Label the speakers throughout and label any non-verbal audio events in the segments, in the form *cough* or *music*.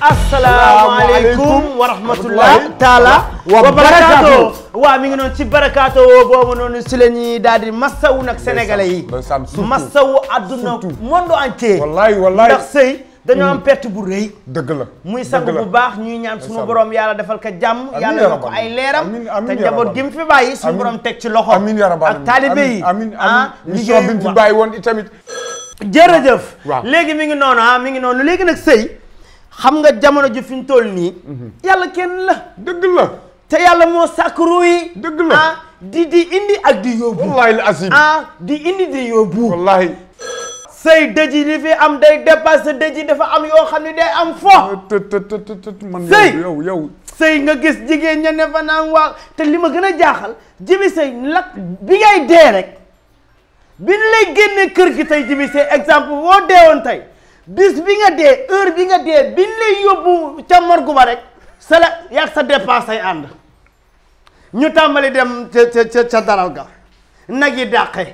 Speaker 1: asalaamaaleykum wa rahmatullahi taala wa barakaatu waaw mi ngi noonu ci barakaatu boobu noonu si la ñuy daal di masawu nag sénégalais yi masawu adduna monde entier wallaay wallaay ndax sëy dañoo am mm. perte bu rëy dëgg la muy sang bu baax ñuy ñaan suñu borom yàlla defal ka jàmm yàlla na ko ay leeram te njaboot gi mu fi bàyyi suñu borom teg ci loxo ak taalibe yi ah liggéey bi itamit jërëjëf léegi mi ngi noonu ah mi ngi noonu léegi nag sëy xam nga jamono ji fi ñu toll nii mhm. yàlla kenn la dëgg la te yàlla moo sàkkru yi dëgg la ah, di di indi ak di yóbbu wallaahi la asim ah, di indi di yóbbu wallaahi sëy dëj yi li fi am day dépassé dëj yi dafa am yoo xam ne day am fo ah, man yow yow sëy nga gis jigéen ña ne fa naan waa te li ma gën a jaaxal jibi sëy lak bi ngay dee rek bi lay génnee kër gi tey jibi c'est exemple boo deewoon tey bis bi nga dee heure bi nga dee bi lay yóbbu ca morgue ba rek sa la yàgg sa dépense ay ànd ñu tàmbali dem ca ca ca daral ga nag yi dàqe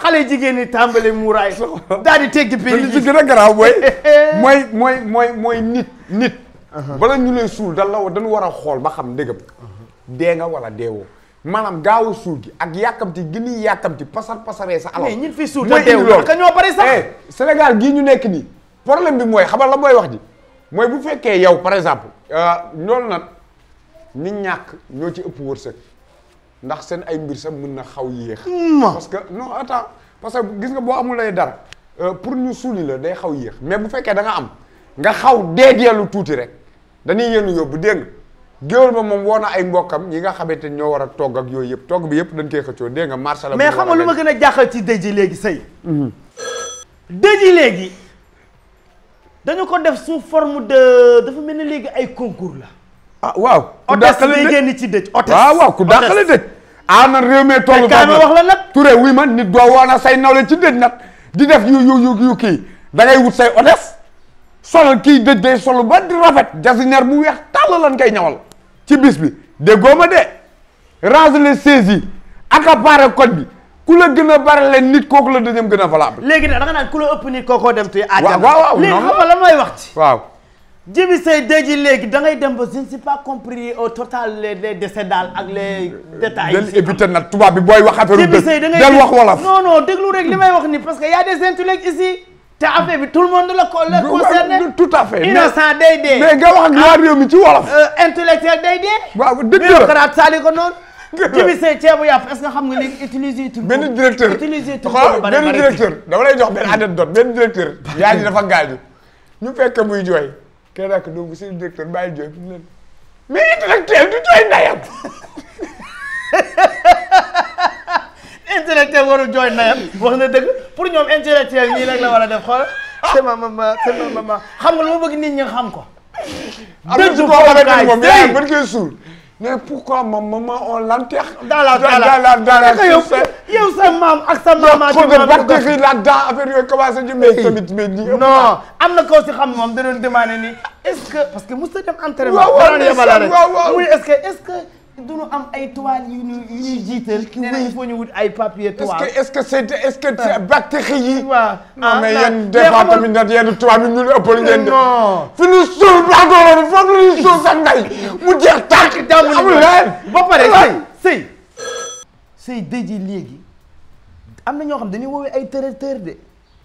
Speaker 1: xale jigéen ñi tàmbali muuraay *laughs* daal di teggi pay li gën a garaaw *laughs* mooy mooy mooy mooy nit nit uh-huh. bala ñu lay suul dan la dañu war a xool ba xam ndégam uh-huh. dee nga wala deewoo maanaam gaaw a gi ak yàkkamti gi ni yàkkamti pasar pasaree sa alal. mais ñi fi suul te loolu ka ñoo bari sax. Eh, Sénégal gii ñu nekk nii problème bi mooy xamal la mooy wax ji mooy bu fekkee yow par exemple. Euh, loolu nag ñi ñàkk ñoo ci ëpp wërsëg ndax seen ay mbir sax mën na xaw yéex. parce que non attends parce que gis nga boo amul lay euh, pour ñu suuli la day xaw yéex mais bu fekkee da nga am nga xaw deedeelu tuuti rek dañuy yéenu yóbbu dégg géwél ba moom woo na ay mbokkam yi nga xamante ni ñoo war a togg ak yooyu yëpp togg bi yëpp dañ koy xëccoo dégg nga marché la mais xam nga lu ma gën a jaaxal ci dëj yi léegi sëy mhm. dëj yi léegi dañu ko def sous forme de dafa mel ni léegi ay concours la ah waaw ku dàqale dëj génn ci dëj hôtesse waaw waaw ku dàqale dëj ah man réew mee toll kaay wax la nag Touré wuy man nit doo woona say nawle ci dëj nag di def yu yu yu kii da ngay wut say hôtesse solal kii dëj day solu ba di rafet jasinaire bu weex tàll lan koy ñawal ci bis bi déggoo ma de range les saisies accaparer code bi ku la gën a bare leen nit kooku la deuxième gën a valable. léegi nag da nga naan ku la ëpp nit kookoo dem tey. waaw waaw waaw léegi wax ci. waaw. Djiby Seye Deji léegi da ngay dem ba je ne suis pas compris au total les les daal ak les détails. del éviter nag tubaab bi booy wax affaire. Djiby Seye da ngay del wax wolof. non non déglu rek li may wax ni parce que y a des intellectuels te affaire bi tout le monde la la concerne. tout à fait innocent day dee. mais nga wax ak waa ah, mi ci wolof. Euh, intellectuel day dee. waaw dëgg la bureaucrate ko noonu. jibisee ceebu yàpp est-ce que xam nga léegi utiliser tur benn directeur utiliser tur benn directeur dama lay jox benn anecdote benn directeur yaay ji dafa gaañu ñu muy jooy kenn nak donc seen directeur bàyyi jooy leen mais intellectuel *laughs* intellectuel warul jooy ndeyam wax na dëgg pour ñoom intellectuel nii rek la war a def xool c'est ma maman c'est ma maman xam nga lu ma bëgg nit ñi xam ko. dëgg ko kaay tey am koy suul. mais pourquoi ma maman on l'enterre. dans la dans la yow sa maam ak sa maman. ci maam bi la dent affaire yooyu commencé ñu mais tamit mais nii. non am na koo si xam moom da doon demandé ni est-ce que parce que mosut a dem entraînement. waaw waaw muy est-ce que est-ce que. du am ay toiles yu ñuy yu ñuy jiital. ki wéy il foo ñu wut ay papier toile. est-ce que est-ce que que c'est ah. bactéries yi. waaw non mais ah, yenn des fois tamit nag yenn toiles yi ñu ngi ëppal ngeen de. non fi ñu suul baadoolo bi foofu la ñuy suul sa ndey ba pare sëy sëy sëy dëji léegi am na ñoo xam dañuy woowee ay traiteur de.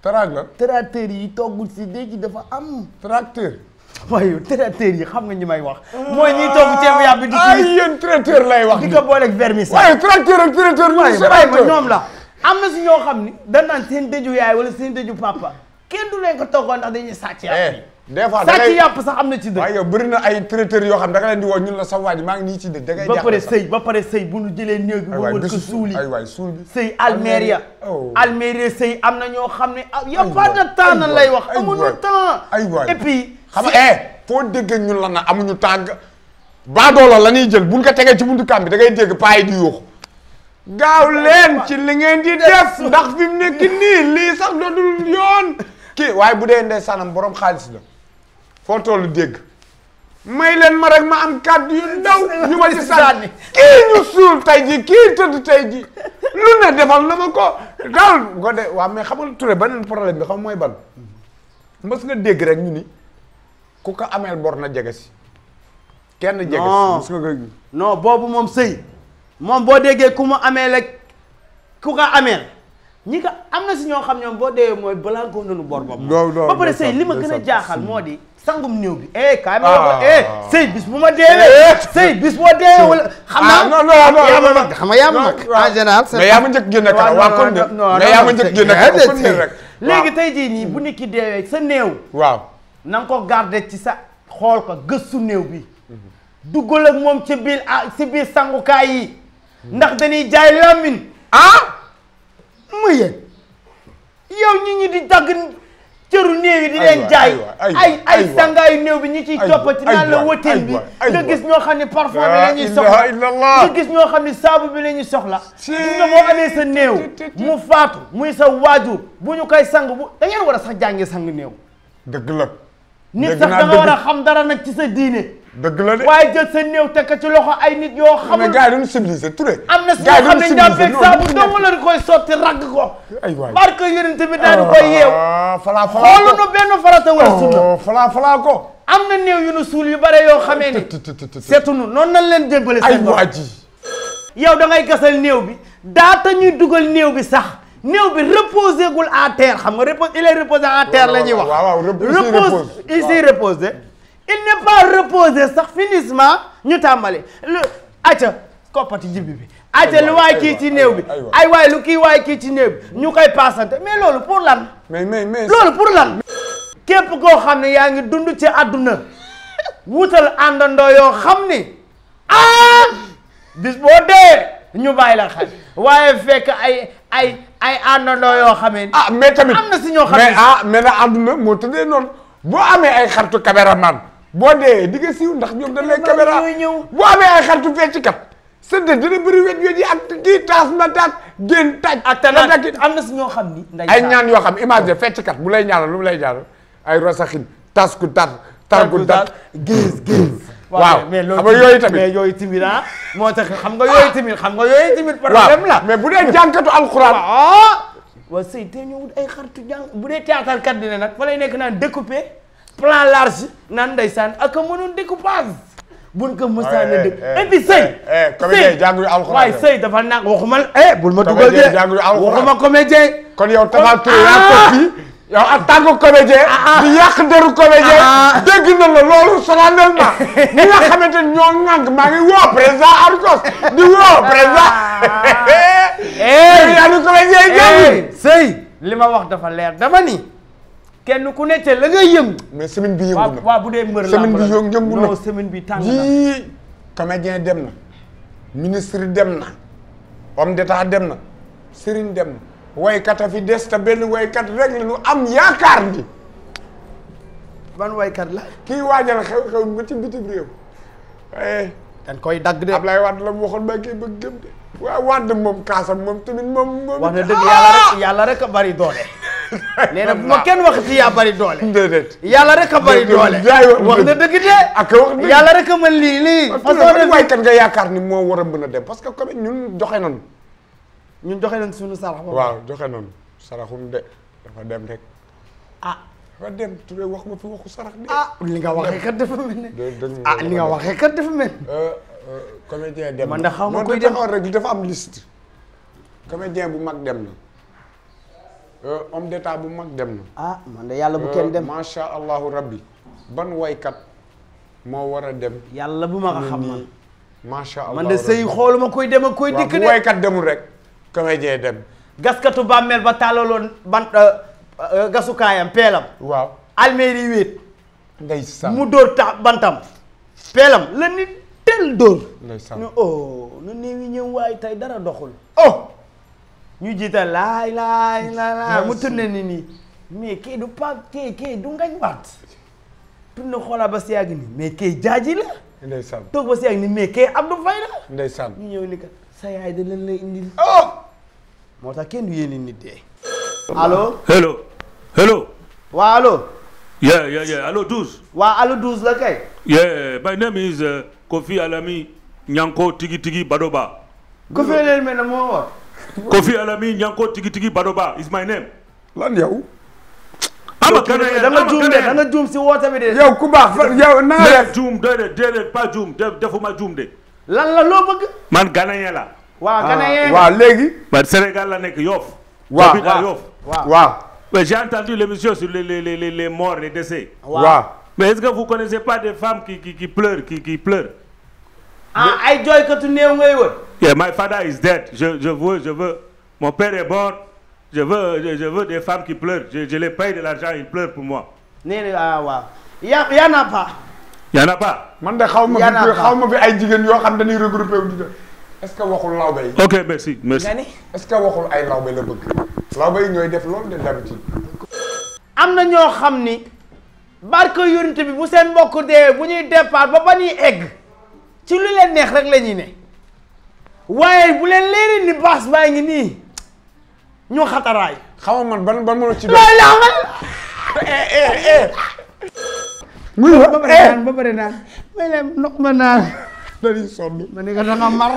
Speaker 1: traag la traiteur yi toggul si dëji dafa am. tracteur. waaye traiteur yi xam nga ñi may wax. mooy ñi toog ceeb yàpp bi di. ay yéen traiteur lay wax. di ko booleeg vermicelle. waaye traiteur ak traiteur ñu si ñoom la am na si ñoo xam ni. dañ naan seen dëju yaay wala seen dëju papa kenn du leen ko toggoon ndax dañuy sàcc yàpp des fois da ngay yàpp sax am na ci dëkk. waaye yow bëri na ay traiteurs yoo xam da nga maa ngi nii ci dëkk da ngay ba pare sëy ba pare sëy bu ñu jëlee néeg suuli ay waay suul bi sëy Almeria oh. Almeria sëy am na ñoo xam ne ah y'a pas de temps nan lay wax amuñu temps ay waay et puis xam na eh foo dégg ñun la na amuñu tàng baadoola la ñuy jël buñ ko tegee ci buntu kàmb bi da ngay dégg paa yi di yuuxu gaaw leen ci li ngeen di def ndax fi mu nekk nii lii sax dootul yoon kii waaye bu dee ndey saanam borom xaalis la foo toll dégg may leen ma rek ma am kàddu yu ndaw ñu ma ci sànni kii ñu suul tey ji kii tëdd tey ji lu ne defal na ma ko daal ko de waaw mais xamal Touré beneen problème bi xam mooy ban mës dégg rek ñu ni ku ko ameel na jege si kenn jege si moom sëy moom boo déggee ku mu amee rek ku ko ameel ñi ko am na si ñoo xam ñoom boo dee mooy balaa ko noonu bor ba ba pare sëy li ma gën a jaaxal moo di sangum néew bi eh kaay ma ah. eh sëy bis bu ma deewee eh. sëy bis boo deewee wala xam naa ah, non non non yaa ma mag xam nga yaa ma mag en général mais yaa tey jii nii bu nit ki deewee sa néew waaw na nga ko garder ci sa xool ko gëstu néew bi duggal ak moom ci biir ah ci biir sangukaay yi ndax dañuy jaay lamin ah mu yéen yow ñi ñi di dagg cëru néew yi di leen jaay ay ay sangaayu néew bi ñi ciy toppati naan la wëteen bi nga gis ñoo xam ne parfum bi la ñuy soxla nga gis ñoo xam ne saabu bi la ñuy soxla gis nga moo amee sa néew mu faatu muy sa waajur bu ñu koy sang bu da ngeen war a sax jàngee sang néew dëgg la nit sax da war a xam dara nag ci sa diine dëgg la de waaye jël sa néew tekk ci loxo ay nit yoo. xamul mais gars yi dañu civilisé am na si ñoo xam ne ñàmpeeg saabu dong lañ koy sotti ragg ko. aywaay barke tamit daanu koy yeew. Ah, falaa ko benn farata wala oh, falaa falaa am na néew yu nu suul yu bare yoo xamee ni. seetunu noonu nañ leen jébbale. ay waa ji yow da ngay gasal néew bi daata ñuy dugal néew bi sax. néew bi reposé gul à terre xam nga repose il est reposé la ñuy wax. waaw repose il s'est reposé. il n'est pas reposé sax finissement ñu tàmbali lu acca koppati jibi bi acca lu néew bi ay waay lu kii waay kii ci bi ñu koy paasante mais loolu pour lan mais mais mais loolu pour lan képp koo xam ne yaa ngi dund ci àdduna wutal àndandoo yoo xam ni ah bis boo dee ñu bàyyi la xel waaye fekk ay ay ay àndandoo yoo xamee ah, am na si ñoo xam ne mais ah mais na àdduna moo tëddee ay xaritu caméraman boo dee di nga siiw ndax ñoom dañ lay caméra boo amee ay xaritu fecc kat sa dëkk dina bëri wet wet yi ak kii taas ma taat génn taaj. ak am na si ñoo xam ni. ay ñaan yoo xam image de fecc kat bu lay ñaanal lu mu lay ñaanal ay rosaxin tas ku tar tar ku tar gis
Speaker 2: gis. waaw mais yooyu tamit mais
Speaker 1: yooyu timit ah moo tax xam nga yooyu timit xam nga yooyu timit mais bu dee jànkatu alxuraan ah. waaw sëy te ñëwut ay xaritu jànk bu dee théâtre kat dina nag fa lay nekk naan découpé plan large naan ndeysaan ak mu mënoon découpage buñ ko mësaan a dégg et puis sëy eh, eh, sëy jàngu alxuraan waay sëy dafa nag waxuma eh bul ma dugal de waxuma comédien kon yow Tapha Touré yaa ko fi ah, ah. yow en tant que ah, di yàq deru comédien dégg na la loolu solennel ma *laughs* ñi nga xamante ne ñoo ŋànk woo président Arcos di woo président eh. *laughs* yaa ni comédien jàngu sëy li ma wax dafa leer dama ni kenn ku nekke ca la ngay yëngu. mais bi yëngu na waaw bu dee mbër làmb la semaine bi yëngu na non semaine bi tàng na ji comédien dem na ministre de na homme d'état dem na sëriñ dem na waykat a fi des te benn waykat rek la ñu am yaakaar ni ban waykat la kii waajal xew-xew nga ci bitim réew eh. dañ koy dagg de Ablaye Wade la mu waxoon ba kii bëgg gëm de waaw Wade moom kaasam moom tamit moom moom wax na dëgg yàlla rek yàlla rek a bari doole *laughs* nee bu ma kenn waxati yaa bari doole. déedéet yàlla rek bari doole. wax na dëgg ak wax a mën lii lii. façon de waay kat yaakaar ni moo war a mën a dem parce que comme ñun joxe nañu. ñun joxe nañu suñu sarax. waaw joxe nañu saraxum de dafa dem rek. a ah. dafa dem Touré wax ma fi waxu sarax de. ah li nga waxee kat dafa mel ne. ah li nga waxee kat dafa mel. Euh, euh, comédien dem man de xaw ma koy dem rek dafa am liste. comédien bu mag dem na. Euh, homme d'état bu mag dem na. ah man de yàlla bu kenn euh, dem macha allahu rabbi ban waykat moo war a dem. yàlla bu ma ko xam man man de sëy xooluma koy dem ak koy dikk de. bu waykat demul rek comédien dem. gaskatu bàmmeel ba tàllaloon ban euh, gasukaayam peelam. waaw almeeri wéet. ndeysaan mu dóor tax bantam. peelam la nit tel dóor. ndeysaan ñu oh, yi ñëw waaye tey dara doxul. oh. ñu jiita laay laay mu tourné ni nii mais kii du pa kii kii du ngañ waat tourné xoolaa ba si ni mais kii jaaji la. ndeysaan ba si ni mais kii Abdou Faye la. ndeysaan ñu ñëw ni ka sa yaay da leen lay indil. oh moo tax kenn du yéene nit dee. allo hello hello. waa allo. yeah yeah yeah allo douze. waa allo douze la kay. yeah my name is uh, Kofi Alami Nyanko Tigi Tigi Badoba. Kofi leen mel na moo Kofi Alami Nyanko Tigi Tigi Badoba is my name. lan yow. ama keneen da nga juum de da nga juum si woote bi de. yow ku baax yow na nga def juum déedéet déedéet pas juum defuma juum de. lan la loo bëgg. man ganayen la. waaw ah, ganayen waaw léegi. ba Sénégal la nekk Yoff. wa waaw waaw mais j'ai entendu l'émission sur les les les les morts les décès. waaw mais est-ce que vous connaissez pas des femmes qui qui qui pleurent qui qui pleurent. ah ay jooykatu néew ngay Yeah, my father is dead. Je, je veux, je veux. Mon père est mort. Je veux, je, je veux des femmes qui pleurent. Je, je les paye de l'argent, ils pleurent pour moi. nee na waaw ya yaa naa pas. yaa naa pas. man de xaw ma fi xaw ma fi ay jigéen yoo xam dañuy regroupé wu ñu est-ce que waxul lawbe yi. ok merci merci. est-ce que waxul ay lawbe la bëgg. lawbe yi ñooy def loolu de d'habitude. am na ñoo xam ni barke yonent bi bu seen mbokk dee bu ñuy départ ba ba ñuy egg ci lu leen neex rek la ñuy ne. waaye bu leen leeree ni baas baa ngi nii ñoo xataraay. xaw man ban ban ci laa muy ba pare naan ba pare naan may leen ma naan. dañuy sonn ma ne ko danga mar.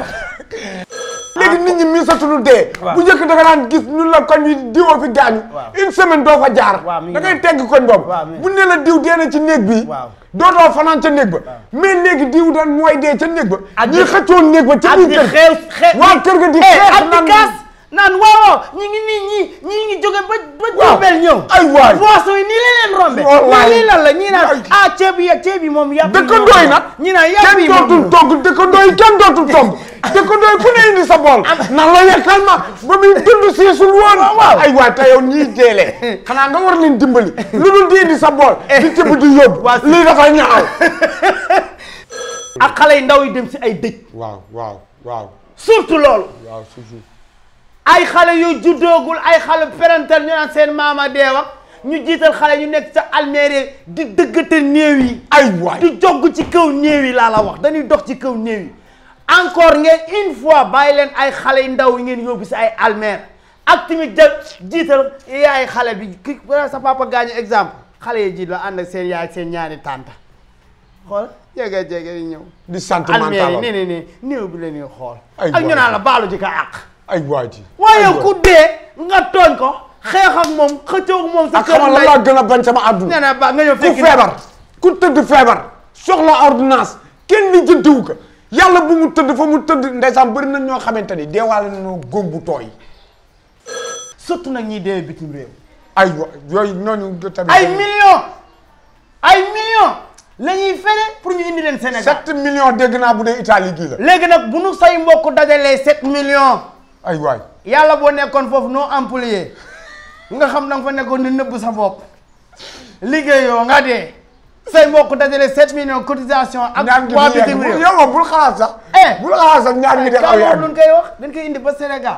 Speaker 1: léegi nit ñi mi satunu dee. bu njëkk da nga naan gis ñu la koñ yi diwoo fi gaañu. une semaine doo fa jaar. da ngay tegg koñ boobu. bu ne la diw dee na ci néeg bi. dootoo fanaan ca néeg ba ah. mais léegi diw daan mooy dee ca néeg ba ñi xëccoo néeg ba ca biir kër waa kër ga di eh, xeex naan kaas naan waaw ñi ngi nii ñi ñi ngi jóge ba ba jubel ñëw ay yi nii leen rombe naa lii lan la naan ah ceeb yi ceeb yi moom yàpp dëkkandoo yi nag ñi naan yàpp yi moom kenn dootul togg *laughs* dëkkandoo ku ne indi sa bool. na la yekkal ma ba muy dund siisul woon. waaw ay waay te yow ñii deelee. xanaa nga war leen dimbali. lu dul di indi sa bool. Eh. di tëb di yóbbu. lii dafay ñaaw. ak xale yu ndaw yi dem si ay dëj. waaw waaw waaw. surtout loolu. waaw xale yu juddoogul ay xale parental ñu naan seen maama deewa ñu jiital xale yu nekk sa almérie di dëggate néew yi. ay waay di jogg ci kaw néew yi laa la wax dañuy dox ci kaw néew yi. encore ngeen une fois bàyyi leen ay xale yu ndaw yi ngeen yóbbu si ay almer ak timi jël jiital yaay xale bi ki sa papa gaañu exemple xale yi jiit la ànd ak seen yaay seen ñaari tànta xool jege jege ñëw. di sentimental almer yi nee nee néew xool. ak ñu naan la baalu ji ka ay waay ji waaye ku dee nga tooñ ko xeex ak moom xëccoo ak moom. sa kër lay ak gën a bañ sama àdduna. nee ba nga ñëw fekk feebar ku tëdd feebar soxla ordonnance kenn lijjantiwu ko. yàlla bu mu tëdd fa mu tëdd ndeysaan bëri na ñoo xamante ni deewaale nañoo góom bu tooy. surtout nag ñiy deewee bitim réew. ay yooyu ñooñu tamit. ay millions. ay millions. la ñuy fere pour ñu indi leen Sénégal. 7 million dégg naa bu dee Italie gii la. léegi nag bu nu say mbokk dajalee 7 millions. ay waay yàlla boo nekkoon foofu noo non employé nga xam na nga fa nekkoon ni nëbb sa bopp liggéeyoo nga dee. say mbokk dajale 7 millions cotisation ak. waa bitim réew yow moom bul xalaat eh, bul xalaat sax ñaar ñi def aw yaay dañ koy wax dañ koy indi ba Sénégal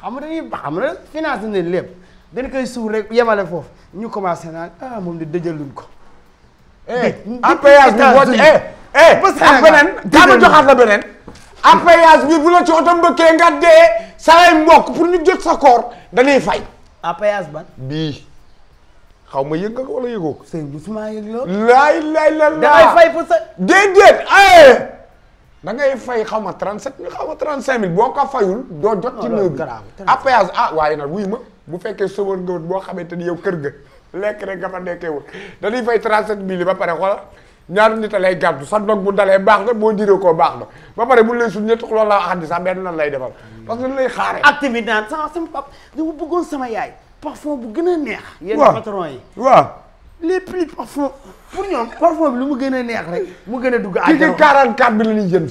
Speaker 1: xam nga dañuy xam nga financé nañ lépp dañ koy suur rek yemale foofu ñu commencé naan ah moom di dëjaluñ ko. Eh, appayage bi boo ci eh, eh. ba Sénégal beneen daama joxaat la beneen. appayage bi bu la ci oto mbëkkee nga dee. saa mbokk pour ñu jot sa koor dañuy fay. appayage ah, ban bii. xaw ma yëg nga ko wala yëgoo ko. sëñ bi su ma yëg la. laay laay la dangay fay pour sa. déedéet ay. Eh! da ngay fay xaw ma 37 mille xaw ma 35 boo ko fayul. doo jot ci néew bi apayage ah waaye nag wuy ma bu fekkee sëwoon nga woon boo xamante ni yow kër ga lekk rek nga fa nekkee woon dañuy fay 37 mille ba pare xoolal. ñaari nit a lay gàddu sa dog bu dalee baax na boo diree koo baax na ba pare bu lay suñ ñetti loolu laa wax di benn nan lay defal parce que lay xaaree. activité naan sama sama papa dama bëggoon sama yaay. parfum bu gën a neex. yenn patron yi waaw. les plus parfum pour ñoom parfum bi lu mu gën a neex rek mu gën a dugg. à kii 44 bi la ñuy jënd.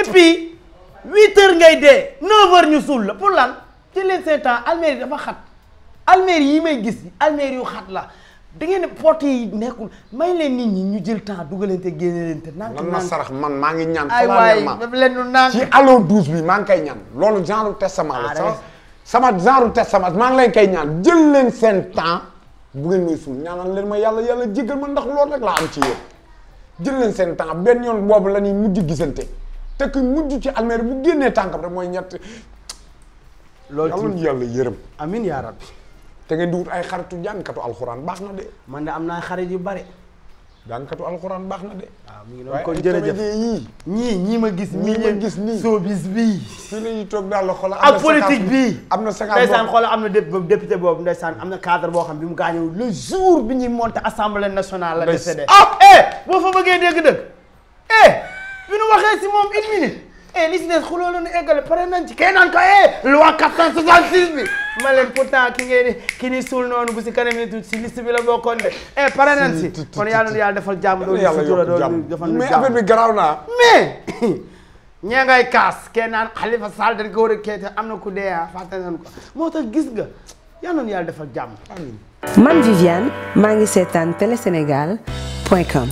Speaker 1: et puis huit heures ngay dee neuf heures ñu suul la pour lan ci leen seen temps xat alméer yi may gis alméer yu xat la da ngeen ne porte nekkul may leen nit ñi ñu jël temps dugalante génne leen te. nank man ma man maa ngi ñaan. ay waay daf leen nu naan ci allo douze bi maa ngi loolu genre testament la. sama genre samat maa ngi leen kay ñaan jël leen seen temps bu ngeen may suul ñaanal leen mooy yàlla yàlla jéggal ma ndax loolu rek laa am ci yéen jël leen seen temps benn yoon boobu la ñuy mujj gisante te ku mujj ci almeer bu génnee tànkam rek mooy ñett. loolu ci yàlla yërëm. amiin yaa rabbi. te ngeen di wut ay xaritu jàngkatu alxuraan baax na de. man de am naa xarit yu bare. jàngkatu alxuraan baax na de. waaw ah, mi ngi doon kon jërëjëf yii. ñii ñii ma gis. ñii ma gis nii soobis bi fii la ñuy toog daal la xoolal. am na bi am na cinquante ndeysaan xoolal am na député boobu ndeysaan am na cadre boo xam bi mu gaañoo le jour bi ñuy monté assemblée nationale la décédé. ah eh boo fa bëggee dégg-dëgg. eh bi nu waxee si moom une et eh, li eh, si des xuloo la ñu eggale pare nañ ci kee naan ko eh loi 466 bi ma leen pourtant ki ngeen ki ni suul noonu bu si kanam yi tuuti si liste bi la bokkoon de pare nañ si kon yàlla na yàlla defal jàmm doolu yàlla yokk jàmm mais affaire bi garaaw naa mais *laughs* ñee ngay e kaas kee naan Khalifa Sall ko war a kee te am na ku dee ah, fàtte moo tax gis nga yàlla na yàlla defal jàmm amiin man Viviane maa ngi seetaan télésénégal point com